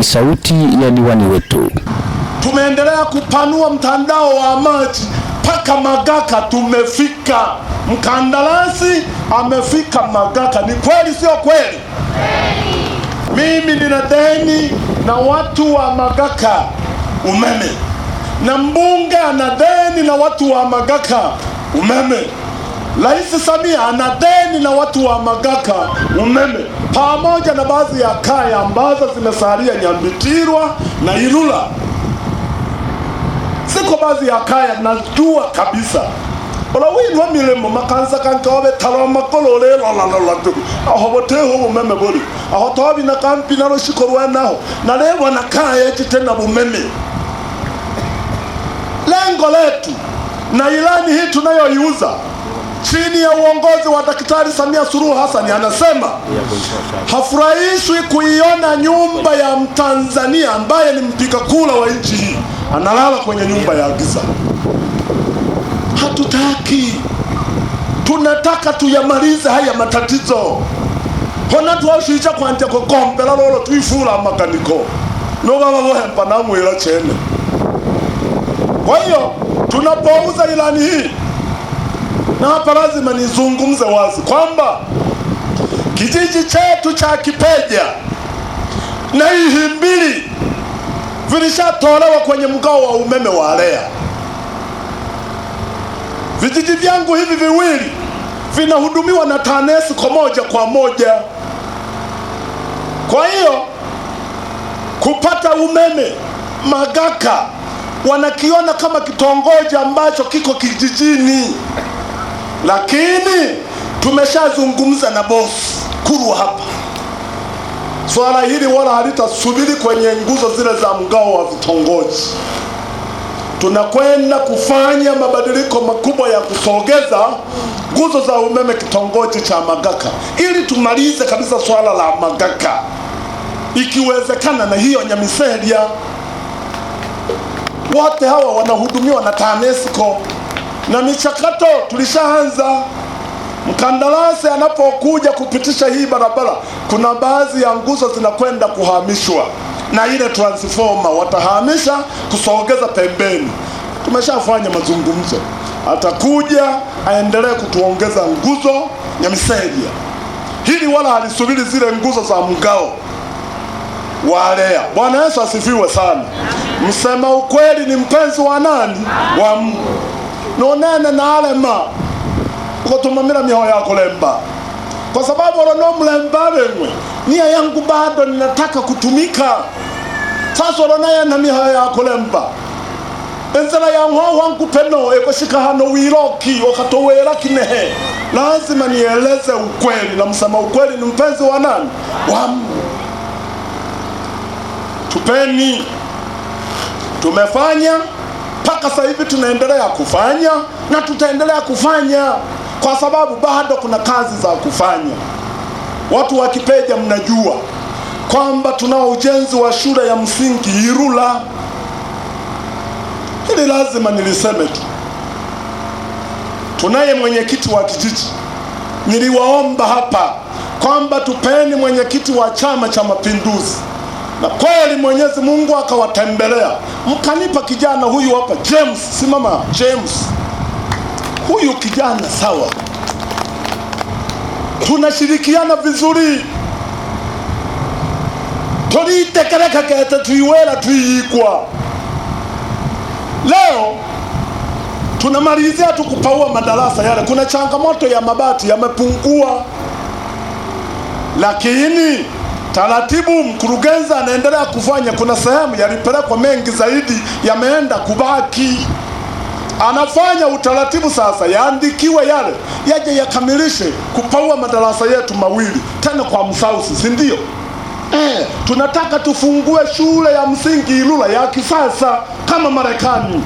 Ni sauti ya diwani wetu. Tumeendelea kupanua mtandao wa maji mpaka Magaka tumefika. Mkandarasi amefika Magaka. Ni kweli, sio kweli? Mimi nina deni na watu wa Magaka umeme, na mbunge ana deni na watu wa Magaka umeme, Rais Samia ana deni na watu wa Magaka umeme pamoja na baadhi ya kaya ambazo zimesalia Nyambitirwa na Ilula. siko baadhi ya kaya najua kabisa olawinwa milimo makanisa kankaobe taloma kolole lalalalatu ahoboteho bumeme boli aho na kampi na lwenaho nalebona kaya chitena bumeme lengo letu na ilani hii tunayoiuza chini ya uongozi wa Daktari Samia Suluhu Hassan anasema hafurahishwi kuiona nyumba ya Mtanzania ambaye ni mpiga kura wa nchi hii analala kwenye nyumba ya giza. Hatutaki, tunataka tuyamalize haya matatizo hona twashija kwanja kugombela lolo twifula maganiko novava namwila chene. Kwa hiyo tunapouza ilani hii na hapa lazima nizungumze wazi kwamba kijiji chetu cha Kipeja na Ihimbili vilishatolewa kwenye mgao wa umeme wa REA. Vijiji vyangu hivi viwili vinahudumiwa na TANESCO moja kwa moja. Kwa hiyo kupata umeme Magaka wanakiona kama kitongoji ambacho kiko kijijini lakini tumeshazungumza na bosi Kulwa hapa, swala hili wala halitasubiri kwenye nguzo zile za mgao wa vitongoji. Tunakwenda kufanya mabadiliko makubwa ya kusogeza nguzo za umeme kitongoji cha Magaka ili tumalize kabisa swala la Magaka, ikiwezekana na hiyo Nyamiseria. Wote hawa wanahudumiwa na TANESCO na michakato tulishaanza. Mkandarasi anapokuja kupitisha hii barabara, kuna baadhi ya nguzo zinakwenda kuhamishwa na ile transformer watahamisha kusogeza pembeni. Tumeshafanya mazungumzo, atakuja aendelee kutuongeza nguzo Nyamisejia. Hili wala halisubiri zile nguzo za mgao walea. Bwana Yesu asifiwe sana. Msema ukweli ni mpenzi wa nani? Wa Mungu nonene nalema ukotumamila mihoo yako lemba kwa sababu olonomlemba wemwe nia yangu bado ninataka kutumika sasa olonayena mihoo yako lemba enzela ya nhoo wangu peno ekoshika hano wiloki okatowela kinehe lazima nieleze ukweli na msema ukweli ni mpenzi wa nani wamu tupeni tumefanya mpaka sasa hivi tunaendelea kufanya na tutaendelea kufanya, kwa sababu bado kuna kazi za kufanya. Watu wa Kipeja, mnajua kwamba tunao ujenzi wa shule ya msingi irula Hili lazima niliseme tu. Tunaye mwenyekiti wa kijiji, niliwaomba hapa kwamba tupeni mwenyekiti wa Chama cha Mapinduzi na kweli Mwenyezi Mungu akawatembelea, mkanipa kijana huyu hapa James. Simama James, huyu kijana sawa, tunashirikiana vizuri tolitekeleka kete tuiwela tuiikwa leo tunamalizia tu kupaua madarasa yale. Kuna changamoto ya mabati yamepungua, lakini Taratibu mkurugenzi anaendelea kufanya. Kuna sehemu yalipelekwa mengi zaidi, yameenda kubaki. Anafanya utaratibu sasa, yaandikiwe yale, yaje yakamilishe kupaua madarasa yetu mawili tena kwa msausi, si ndio? Eh, tunataka tufungue shule ya msingi Ilula ya kisasa kama Marekani.